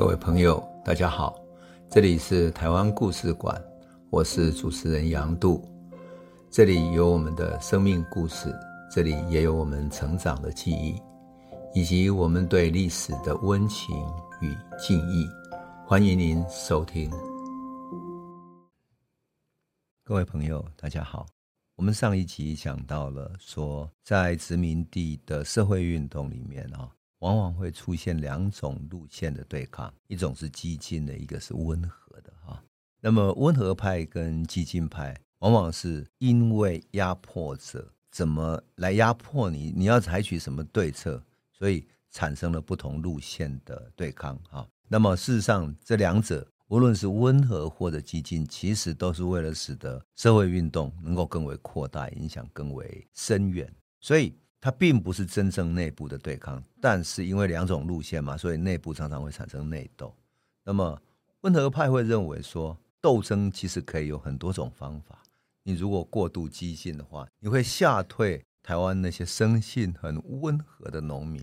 各位朋友，大家好，這裡是台灣故事館，我是主持人楊渡，這裡有我們的生命故事，這裡也有我們成長的記憶，以及我們對歷史的溫情與敬意。歡迎您收聽。各位朋友，大家好，我們上一集講到了說，在殖民地的社會運動裡面啊。往往會出現兩種路線的對抗，一種是激進的，一個是溫和的哈。那麼溫和派跟激進派，往往是因為壓迫者怎麼來壓迫你，你要採取什麼對策，所以產生了不同路線的對抗哈。那麼事實上，這兩者無論是溫和或者激進，其實都是為了使得社會運動能夠更為擴大，影響更為深遠。所以。它並不是真正內部的對抗，但是因為兩種路線嘛，所以內部常常會產生內鬥。那麼溫和派會認為說，鬥爭其實可以有很多種方法。你如果過度激進的話，你會嚇退台灣那些生性很溫和的農民。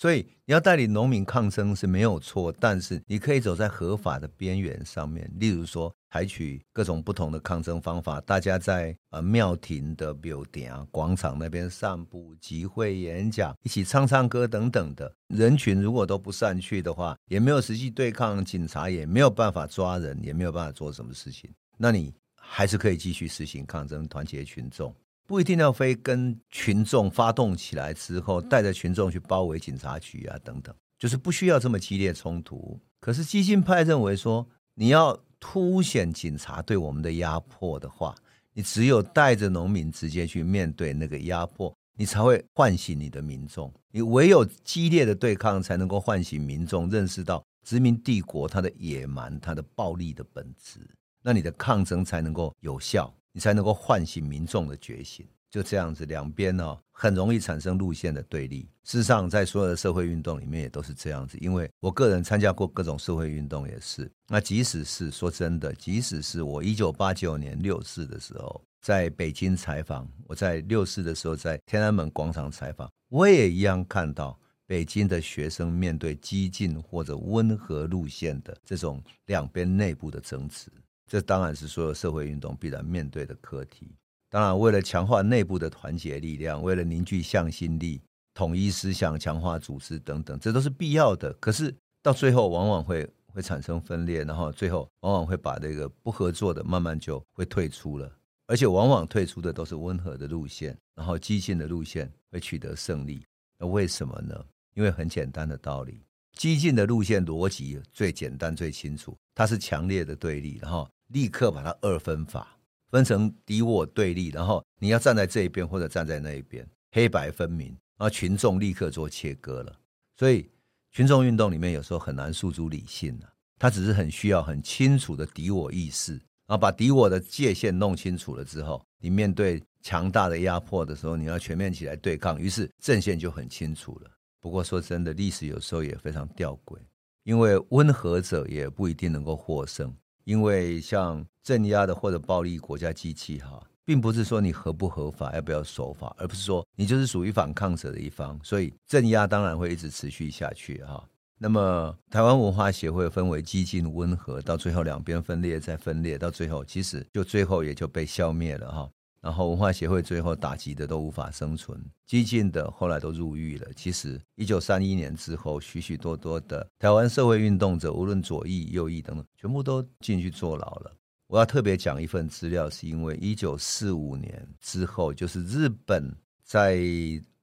所以，你要代理農民抗爭是沒有錯，但是你可以走在合法的邊緣上面，例如說，採取各種不同的抗爭方法。大家在呃廟庭的廟頂啊、廣場那邊散步、集會、演講，一起唱唱歌等等的。人群如果都不散去的話，也沒有實際對抗警察，也沒有辦法抓人，也沒有辦法做什麼事情，那你還是可以繼續實行抗爭，團結群眾。不一定要非跟群眾發動起來之後，帶着群眾去包圍警察局啊，等等，就是不需要這麼激烈衝突。可是激進派認為說，你要凸顯警察對我們的壓迫的話，你只有帶着農民直接去面對那個壓迫，你才會喚醒你的民眾。你唯有激烈的對抗，才能夠喚醒民眾，認識到殖民帝國它的野蠻、它的暴力的本質，那你的抗爭才能夠有效。你才能夠喚醒民眾的覺醒，就這樣子，兩邊呢很容易產生路線的對立。事實上，在所有的社會運動裡面也都是這樣子，因為我個人參加過各種社會運動，也是。那即使是說真的，即使是我一九八九年六四的時候在北京採訪，我在六四的時候在天安門廣場採訪，我也一樣看到北京的學生面對激進或者溫和路線的這種兩邊內部的爭執。這當然是所有社會運動必然面對的課題。當然，為了強化內部的團結力量，為了凝聚向心力、統一思想、強化組織等等，這都是必要的。可是到最後，往往會會產生分裂，然後最後往往會把這個不合作的慢慢就會退出了。而且，往往退出的都是溫和的路線，然後激進的路線會取得勝利。那為什麼呢？因為很簡單的道理，激進的路線邏輯最簡單、最清楚，它是強烈的對立，然後。立刻把它二分法分成敵我對立，然後你要站在這一邊或者站在那一邊，黑白分明，然後群眾立刻做切割了。所以群眾運動裡面有時候很難訴諸理性啊，他只是很需要很清楚的敵我意識，啊，把敵我的界限弄清楚了之後，你面對強大的壓迫的時候，你要全面起來對抗，於是陣線就很清楚了。不過說真的，歷史有時候也非常吊詭，因為溫和者也不一定能夠獲勝。因為像鎮壓的或者暴力國家機器，哈，並不是說你合不合法，要不要守法，而不是說你就是屬於反抗者的一方，所以鎮壓當然會一直持續下去，哈。那麼台灣文化協會分為激進、溫和，到最後兩邊分裂再分裂，到最後其實就最後也就被消滅了，哈。然後，文化協會最後打擊的都無法生存，激進的後來都入獄了。其實，一九三一年之後，許許多多多的台灣社會運動者，無論左翼、右翼等等，全部都進去坐牢了。我要特別講一份資料，是因為一九四五年之後，就是日本在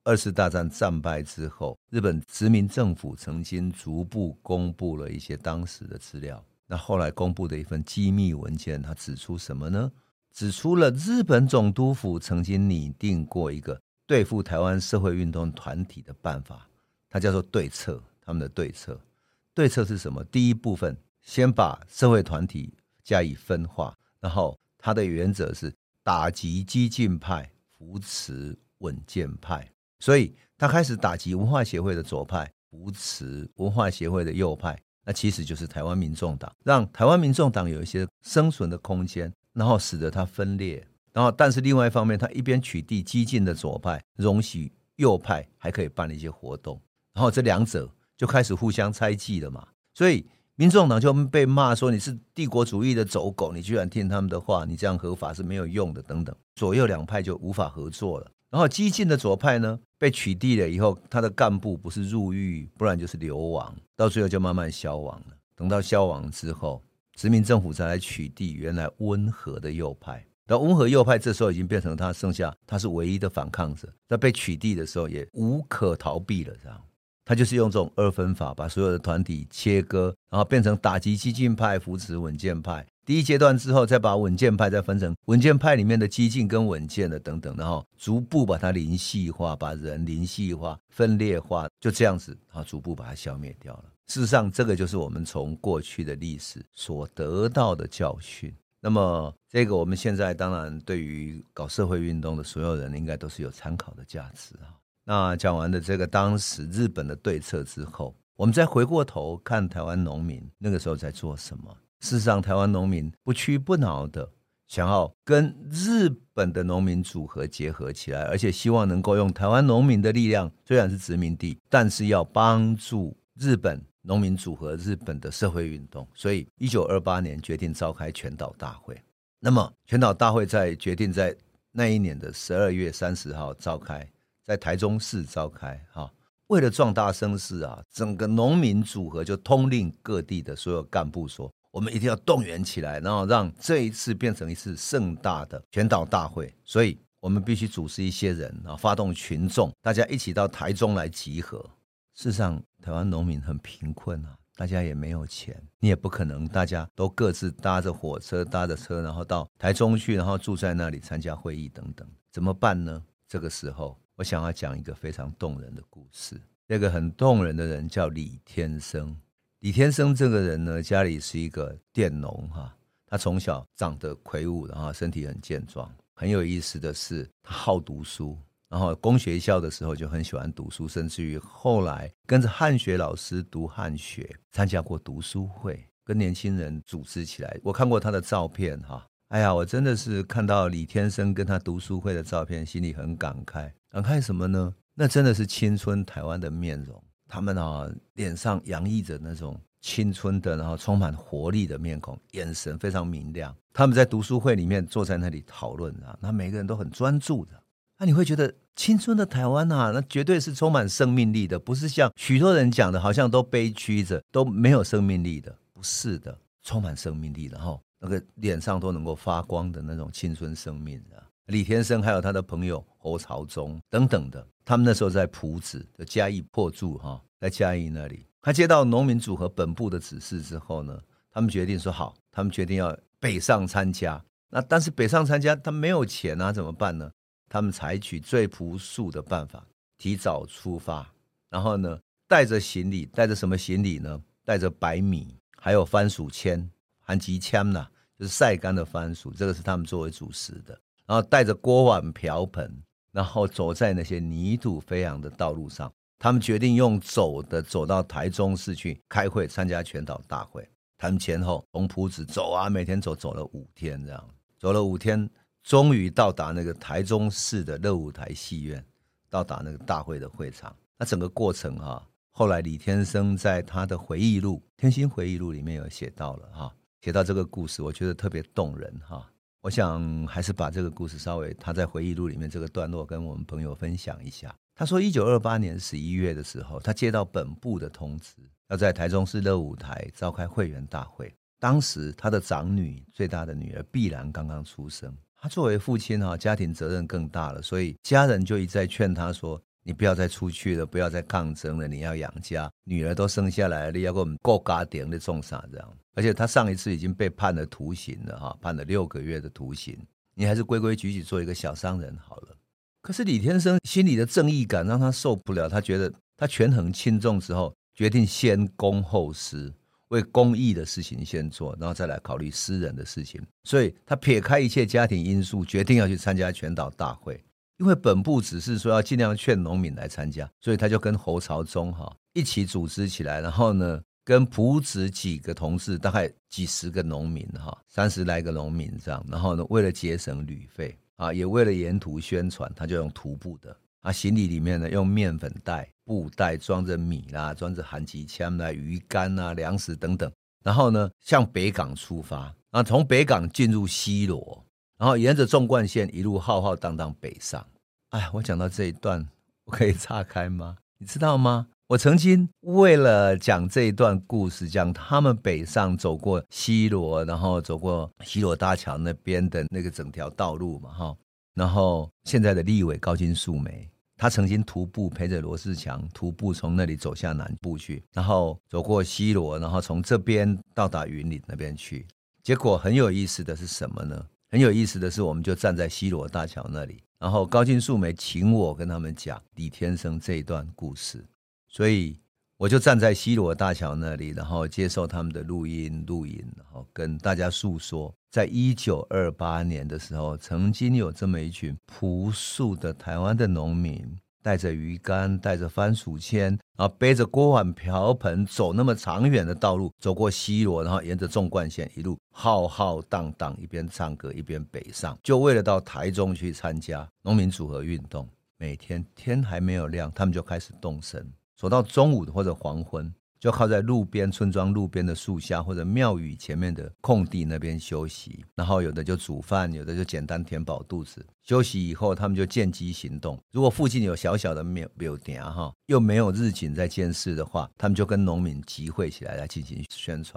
二次大戰戰敗之後，日本殖民政府曾經逐步公布了一些當時的資料。那後來公布的一份機密文件，它指出什麼呢？指出了日本總督府曾經擬定過一個對付台灣社會運動團體的辦法，它叫做對策。他們的對策，對策是什麼？第一部分，先把社會團體加以分化，然後它的原則是打擊激進派，扶持穩健派。所以，他開始打擊文化協會的左派，扶持文化協會的右派。那其實就是台灣民眾黨，讓台灣民眾黨有一些生存的空間。然後使得它分裂，然後但是另外一方面，它一邊取締激進的左派，容許右派還可以辦一些活動，然後這兩者就開始互相猜忌了嘛。所以民眾黨就被罵說，你是帝國主義的走狗，你居然聽他們的話，你這樣合法是沒有用的等等。左右兩派就無法合作了。然後激進的左派呢被取締了以後，他的幹部不是入獄，不然就是流亡，到最後就慢慢消亡了。等到消亡之後。殖民政府再來取締原來溫和的右派，那溫和右派這時候已經變成他剩下他是唯一的反抗者，在被取締的時候也無可逃避了，這樣他就是用這種二分法把所有的團體切割，然後變成打擊激進派，扶持穩健派。第一階段之後，再把穩健派再分成穩健派裡面的激進跟穩健的等等，然後逐步把它零細化，把人零細化，分裂化，就這樣子啊，逐步把它消滅掉了。事實上，這個就是我們從過去的歷史所得到的教訓。那麼，這個我們現在當然對於搞社會運動的所有人，應該都是有參考的價值啊。那講完了這個當時日本的對策之後，我們再回過頭看台灣農民那個時候在做什麼。事實上，台灣農民不屈不撓的想要跟日本的農民組合結合起來，而且希望能夠用台灣農民的力量，雖然是殖民地，但是要幫助日本農民組合日本的社會運動，所以一九二八年決定召開全島大會。那麼全島大會在決定在那一年的十二月三十號召開，在台中市召開。哈、哦，為了壯大聲勢啊，整個農民組合就通令各地的所有幹部說：“我們一定要動員起來，然後讓這一次變成一次盛大的全島大會。所以我們必須組織一些人啊，然後發動群眾，大家一起到台中來集合。”事實上。台灣農民很貧困啊，大家也沒有錢，你也不可能大家都各自搭着火車、搭着車，然後到台中去，然後住在那裡參加會議等等，怎麼辦呢？這個時候，我想要講一個非常動人的故事。那、這個很動人的人叫李天生。李天生這個人呢，家裡是一個佃農哈、啊，他從小長得魁梧，然後身體很健壯。很有意思的是，他好讀書。然後公學校的時候就很喜歡讀書，甚至於後來跟着漢學老師讀漢學，參加過讀書會，跟年輕人組織起來。我看過他的照片，哈，哎呀，我真的是看到李天生跟他讀書會的照片，心裡很感慨。感慨什麼呢？那真的是青春台灣的面容，他們啊，臉上洋溢着那種青春的，然後充滿活力的面孔，眼神非常明亮。他們在讀書會裡面坐在那裡討論啊，他每個人都很專注的。那、啊、你會覺得青春的台灣吶、啊，那絕對是充滿生命力的，不是像許多人講的，好像都卑屈著，都沒有生命力的。不是的，充滿生命力的哈、哦，那個臉上都能夠發光的那種青春生命的、啊、李天生，還有他的朋友侯朝宗等等的，他們那時候在浦子的嘉義破住哈、哦，在嘉義那裡，他接到農民組合本部的指示之後呢，他們決定說好，他們決定要北上參加。那但是北上參加，他沒有錢啊，怎麼辦呢？他們採取最樸素的辦法，提早出發，然後呢，帶着行李，帶着什麼行李呢？帶着白米，還有番薯簽、含吉簽呢，就是曬乾的番薯，這個是他們作為主食的。然後帶着鍋碗瓢瓢盆，然後走在那些泥土飛揚的道路上。他們決定用走的走到台中市去開會，參加全島大會。他們前後從埔子走啊，每天走，走了五天，這樣走了五天。終於到達那個台中市的樂舞台戲院，到達那個大會的會場。那整個過程哈，後來李天生在他的回憶錄《天心回憶錄》裡面有寫到了哈，寫到這個故事，我覺得特別動人哈。我想還是把這個故事稍微，他在回憶錄裡面這個段落跟我們朋友分享一下。他說，一九二八年十一月的時候，他接到本部的通知，要在台中市樂舞台召開會員大會。當時他的長女，最大的女兒碧然剛剛出生。他作為父親哈，家庭責任更大了，所以家人就一再勸他說：“你不要再出去了，不要再抗爭了，你要養家，女兒都生下來了，你要給我們顧家庭的重賞。”這樣，而且他上一次已經被判了徒刑了哈，判了六個月的徒刑，你還是規規矩矩做一個小商人好了。可是李天生心裡的正義感讓他受不了，他覺得他權衡輕重之後，決定先公後私。為公益的事情先做，然後再來考慮私人的事情。所以他撇開一切家庭因素，決定要去參加全島大會。因為本部只是說要盡量勸農民來參加，所以他就跟侯朝宗哈一起組織起來。然後呢，跟朴子幾個同事，大概幾十個農民哈，三十來個農民這樣。然後呢，為了節省旅費啊，也為了沿途宣傳，他就用徒步的。行李裡面呢，用麵粉袋、布袋裝着米啦，裝着寒極槍啦、魚乾啊、糧食等等。然後呢，向北港出發，啊，從北港進入西螺，然後沿着縱貫線一路浩浩蕩蕩北上。哎，我講到這一段，我可以岔開嗎？你知道嗎？我曾經為了講這一段故事，講他們北上走過西螺，然後走過西螺大橋那邊的那個整條道路嘛，哈，然後現在的立委高金素梅。他曾經徒步陪着羅世強徒步從那裡走下南部去，然後走過西羅，然後從這邊到達雲林那邊去。結果很有意思的是什麼呢？很有意思的是，我們就站在西羅大橋那裡，然後高金素梅請我跟他們講李天生這一段故事，所以。我就站在西螺大橋那裡，然後接受他們的錄音，錄音，然後跟大家訴說，在一九二八年的時候，曾經有這麼一群樸素的台灣的農民，帶着魚乾，帶着番薯籤，然後背着鍋碗瓢盆，走那麼長遠的道路，走過西螺，然後沿着縱貫線一路浩浩蕩蕩，一邊唱歌一邊北上，就為了到台中去參加農民組合運動。每天天還沒有亮，他們就開始動身。走到中午或者黃昏，就靠在路邊村莊路邊的樹下，或者廟宇前面的空地那邊休息。然後有的就煮飯，有的就簡單填飽肚子。休息以後，他們就見機行動。如果附近有小小的廟廟點哈，又沒有日警在監視的話，他們就跟農民集會起來來進行宣傳。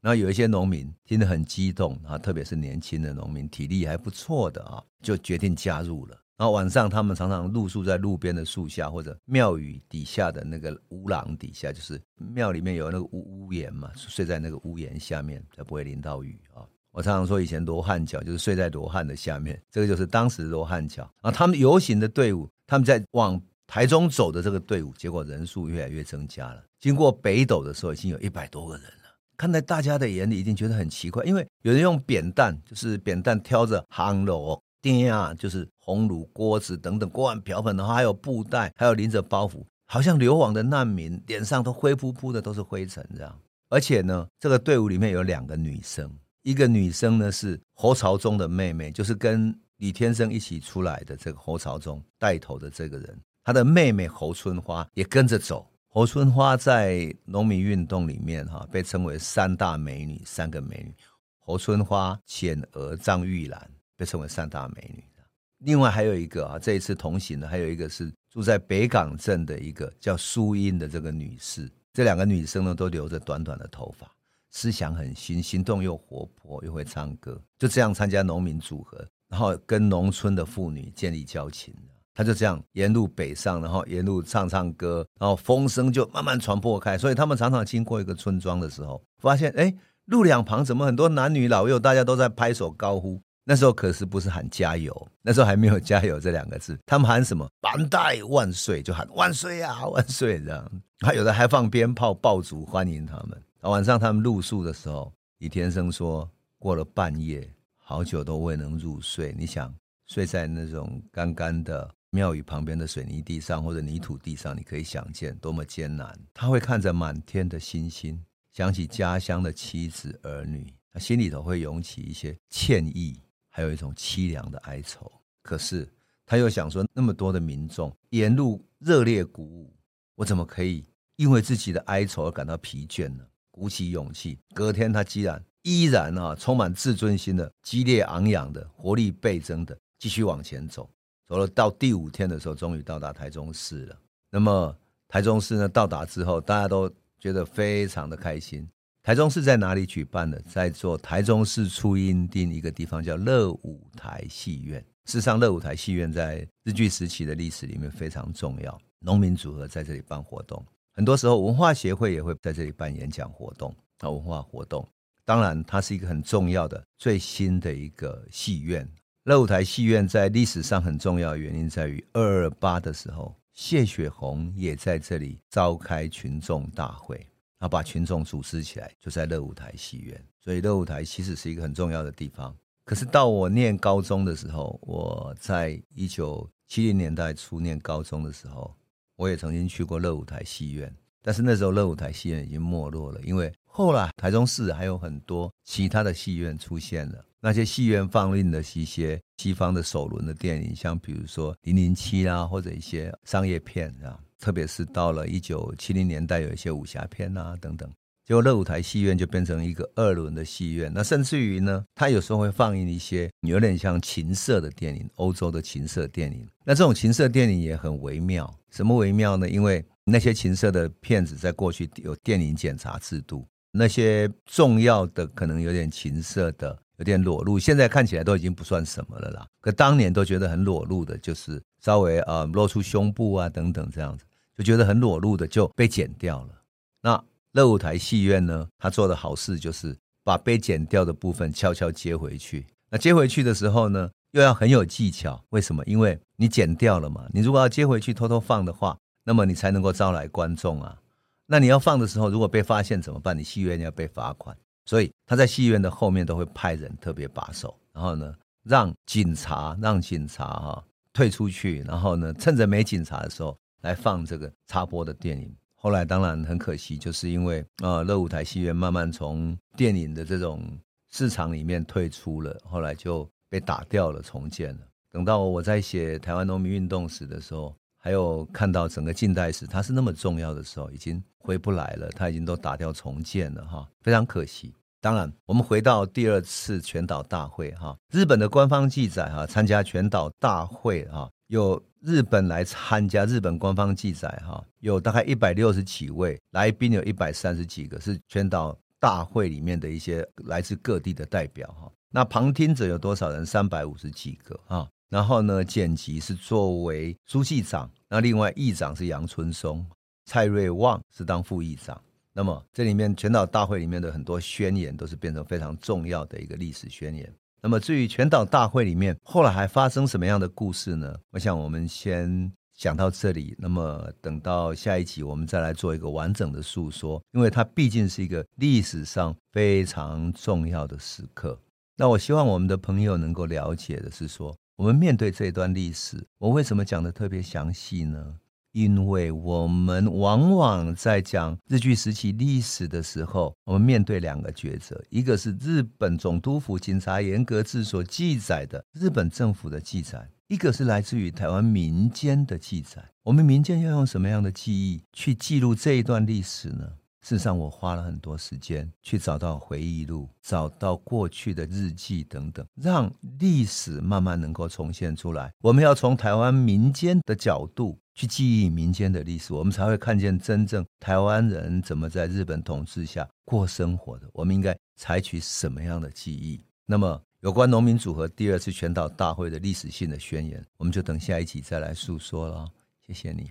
然後有一些農民聽得很激動啊，特別是年輕的農民，體力還不錯的啊，就決定加入了。然後晚上，他們常常露宿在路邊的樹下，或者廟宇底下的那個屋廊底下，就是廟裡面有那個屋屋檐嘛，睡在那個屋檐下面才不會淋到雨啊、哦。我常常說，以前羅漢腳就是睡在羅漢的下面，這個就是當時的羅漢腳。然後啊，他們遊行的隊伍，他們在往台中走的這個隊伍，結果人數越來越增加了。經過北斗的時候，已經有一百多個人了。看在大家的眼裡，一定覺得很奇怪，因為有人用扁擔，就是扁擔挑着扛鑼。爹啊，就是紅爐鍋子等等鍋碗瓢盆，然後還有布袋，還有拎着包袱，好像流亡的難民，臉上都灰撲撲的，都是灰塵這樣。而且呢，這個隊伍裡面有兩個女生，一個女生呢是侯朝宗的妹妹，就是跟李天生一起出來的這個侯朝宗帶頭的這個人，他的妹妹侯春花也跟着走。侯春花在農民運動裡面哈、啊、被稱為三大美女，三個美女：侯春花、簡娥、張玉蘭。被稱為三大美女了。另外還有一個啊，這一次同行的還有一個是住在北港鎮的一個叫蘇英的這個女士。這兩個女生呢，都留着短短的頭髮，思想很新，行動又活潑，又會唱歌。就這樣參加農民組合，然後跟農村的婦女建立交情。她就這樣沿路北上，然後沿路唱唱歌，然後風聲就慢慢傳播開。所以他們常常經過一個村莊的時候，發現哎、欸，路兩旁怎麼很多男女老幼，大家都在拍手高呼。那時候可是不是喊加油，那時候還沒有“加油”這兩個字，他們喊什麼“班代萬歲”，就喊萬歲、啊“萬歲呀，萬歲”這樣。還有的還放鞭炮、爆竹歡迎他們。晚上他們露宿的時候，李天生說，過了半夜，好久都未能入睡。你想睡在那種乾干的廟宇旁邊的水泥地上或者泥土地上，你可以想見多麼艱難。他會看着滿天的星星，想起家鄉的妻子兒女，他心裡頭會湧起一些歉意。還有一種淒涼的哀愁，可是他又想說，那麼多的民眾沿路熱烈鼓舞，我怎麼可以因為自己的哀愁而感到疲倦呢？鼓起勇氣，隔天他居然依然啊，充滿自尊心的、激烈昂揚的、活力倍增的，繼續往前走。走了到第五天的時候，終於到達台中市了。那麼台中市呢，到達之後，大家都覺得非常的開心。台中市在哪裡舉辦的？在做台中市初音町一個地方叫樂舞台戲院。事實上，樂舞台戲院在日據時期的歷史裡面非常重要。農民組合在這裡辦活動，很多時候文化協會也會在這裡辦演講活動啊，文化活動。當然，它是一個很重要的最新的一個戲院。樂舞台戲院在歷史上很重要的原因在於二二八的時候，謝雪紅也在這裡召開群眾大會。要把群眾組織起來，就在樂舞台戲院。所以樂舞台其實是一個很重要的地方。可是到我念高中的時候，我在一九七零年代初念高中的時候，我也曾經去過樂舞台戲院。但是那時候樂舞台戲院已經沒落了，因為後來台中市還有很多其他的戲院出現了。那些戲院放映的是一些西方的首輪的電影，像比如說《零零七》啊，或者一些商業片，啊特別是到了一九七零年代，有一些武俠片啊等等，結果樂舞台戲院就變成一個二輪的戲院。那甚至於呢，它有時候會放映一些有點像情色的電影，歐洲的情色電影。那這種情色電影也很微妙，什麼微妙呢？因為那些情色的片子在過去有電影檢查制度，那些重要的可能有點情色的，有點裸露。現在看起來都已經不算什麼了啦，可當年都覺得很裸露的，就是稍微啊、呃、露出胸部啊等等這樣子。覺得很裸露的就被剪掉了。那樂舞台戲院呢？他做的好事就是把被剪掉的部分悄悄接回去。那接回去的時候呢，又要很有技巧。為什麼？因為你剪掉了嘛。你如果要接回去偷偷放的話，那麼你才能夠招來觀眾啊。那你要放的時候，如果被發現怎麼辦？你戲院要被罰款。所以他在戲院的後面都會派人特別把守。然後呢，讓警察讓警察哈、哦、退出去。然後呢，趁着沒警察的時候。來放這個插播的電影。後來當然很可惜，就是因為啊，樂、哦、舞台戲院慢慢從電影的這種市場裡面退出了，後來就被打掉了，重建了。等到我在寫台灣農民運動史的時候，還有看到整個近代史，它是那麼重要的時候，已經回不來了，它已經都打掉重建了哈、哦，非常可惜。當然，我們回到第二次全島大會哈、哦，日本的官方記載哈、啊，參加全島大會哈、啊、又，日本來參加，日本官方記載哈，有大概一百六十幾位來賓，有一百三十幾個是全島大會裡面的一些來自各地的代表哈。那旁聽者有多少人？三百五十幾個啊。然後呢，簡吉是作為書記長，那另外議長是楊春松，蔡瑞旺是當副議長。那麼這裡面全島大會裡面的很多宣言都是變成非常重要的一個歷史宣言。那麼至於全島大會裡面後來還發生什麼樣的故事呢？我想我們先講到這裡。那麼等到下一集我們再來做一個完整的訴說，因為它畢竟是一個歷史上非常重要的時刻。那我希望我們的朋友能夠了解的是說，我們面對這段歷史，我為什麼講得特別詳細呢？因為我們往往在講日據時期歷史的時候，我們面對兩個抉擇：一個是日本總督府警察沿革誌，所記載的日本政府的記載，一個是來自於台灣民間的記載。我們民間要用什麼樣的記憶去記錄這一段歷史呢？事實上，我花了很多時間去找到回憶錄、找到過去的日記等等，讓歷史慢慢能夠重現出來。我們要從台灣民間的角度去記憶民間的歷史，我們才會看見真正台灣人怎麼在日本統治下過生活的。我們應該採取什麼樣的記憶？那麼，有關農民組合第二次全島大會的歷史性的宣言，我們就等下一集再來訴說了。謝謝你。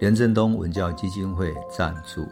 連震東文教基金會贊助。